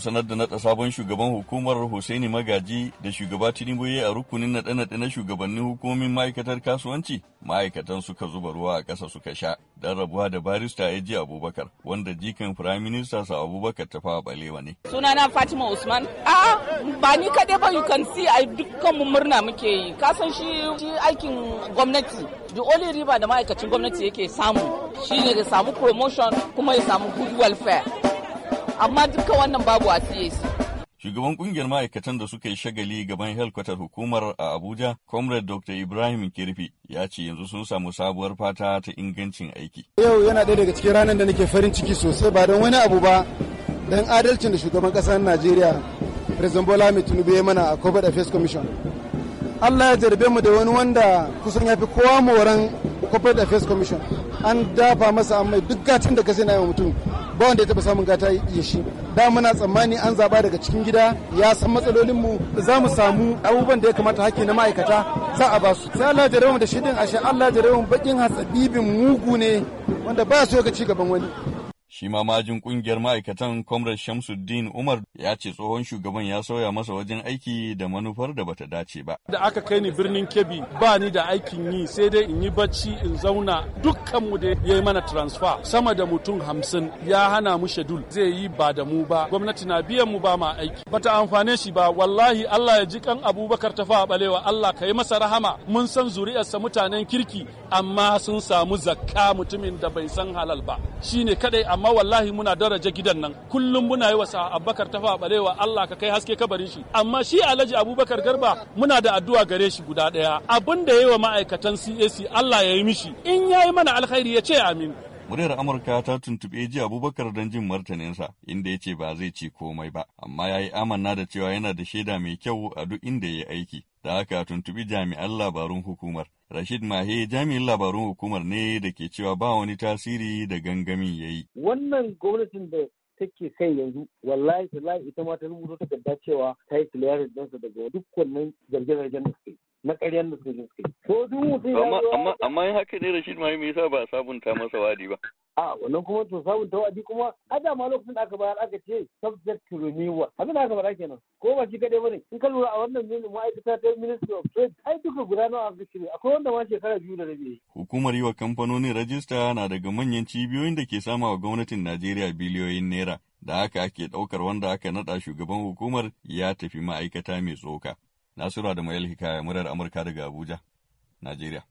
sanar da naɗa sabon shugaban hukumar Hussaini Magaji da shugaba Tinubu a rukunin naɗe-naɗe na shugabannin hukumomin ma'aikatar kasuwanci. Ma'aikatan suka zuba ruwa a kasa suka sha. Dan rabuwa da barista ji Abubakar wanda jikan Firayim Minista sa Abubakar ta fa balewa ne. Sunana Fatima Usman. A'a ba ni kaɗai ba you can see ai dukkan mu murna muke yi. Ka san shi aikin gwamnati. The only riba da ma'aikacin gwamnati yake samu shine da samu promotion kuma ya samu good welfare. amma dukkan wannan babu a CAC. Shugaban kungiyar ma'aikatan da suka yi shagali gaban helkwatar hukumar a Abuja, Comrade Dr. Ibrahim Kirfi ya ce yanzu sun samu sabuwar fata ta ingancin aiki. Yau yana ɗaya daga cikin ranar da nake farin ciki sosai ba don wani abu ba don adalcin da shugaban ƙasar Najeriya, President Bola Ahmed Tinubu ya mana a Covid Affairs Commission. Allah ya jarbe mu da wani wanda kusan ya fi kowa moran Covid Affairs Commission. An dafa masa amma duk gatin da ka sai na mutum ba wanda ya taba samun gata ya shi da muna tsammani an zaba daga cikin gida ya san matsalolin mu za mu samu abubuwan da ya kamata hakki na ma'aikata za a ba su sai Allah ya da shi din ashe Allah ya bakin hasabibin mugu ne wanda ba su ga ci gaban wani Shi ma majin ƙungiyar ma'aikatan Comrade Shamsuddin Umar ya ce tsohon shugaban ya sauya masa wajen aiki da manufar da bata dace ba. Da aka kai ni birnin Kebbi ba ni da aikin yi sai dai in yi bacci in zauna dukkanmu da ya yi mana transfer sama da mutum hamsin ya hana mu shadul zai yi ba da mu ba gwamnati na biyan mu ba ma aiki bata amfane shi ba wallahi Allah ya ji kan Abubakar ta tafa balewa Allah ka yi masa rahama mun san zuri'arsa mutanen kirki amma sun samu zakka mutumin da bai san halal ba shine kadai a amma wallahi muna daraja gidan nan kullum muna yi wasa Abubakar ta fa balewa Allah ka kai haske kabarin shi amma shi Alhaji Abubakar Garba muna da addu'a gare shi guda daya abin da yayi wa ma'aikatan CAC Allah ya yi mishi in ya yi mana alkhairi ya ce amin Muryar Amurka ta tuntuɓe ji Abubakar don jin martaninsa, inda ya ce ba zai ci komai ba, amma ya yi amanna da cewa yana da shaida mai kyau a duk inda ya yi aiki, da haka tuntuɓi jami'an labarun hukumar. Rashid Mahe jami'in labarun hukumar ne da ke cewa ba wani tasiri da gangamin ya yi. Wannan gwamnatin da take kai yanzu wallahi tallahi ita ma ta rubuta ta cewa ta yi clearance ɗansa daga duk wannan zargin da suke. na ƙaryar da suka suka yi. To duk mutum ya amma amma in haka ne Rashid Mai me yasa ba sabunta masa wadi ba? A wannan kuma to sabunta wadi kuma a da ma lokacin da aka bayar aka ce subject to renewal. Abin da aka faɗa kenan. Ko ba shi kaɗai bane. In ka lura a wannan ma'aikata ta Ministry of Trade ai duka guda nawa aka cire akwai wanda ma shekara biyu da rabi. Hukumar yi wa kamfanonin rajista na daga manyan cibiyoyin da ke sama wa gwamnatin Najeriya biliyoyin naira. Da haka ake ɗaukar wanda aka naɗa shugaban hukumar ya tafi ma'aikata mai tsoka. Nasiru Adamu El Hikaya, murar Amurka daga Abuja, Najeriya.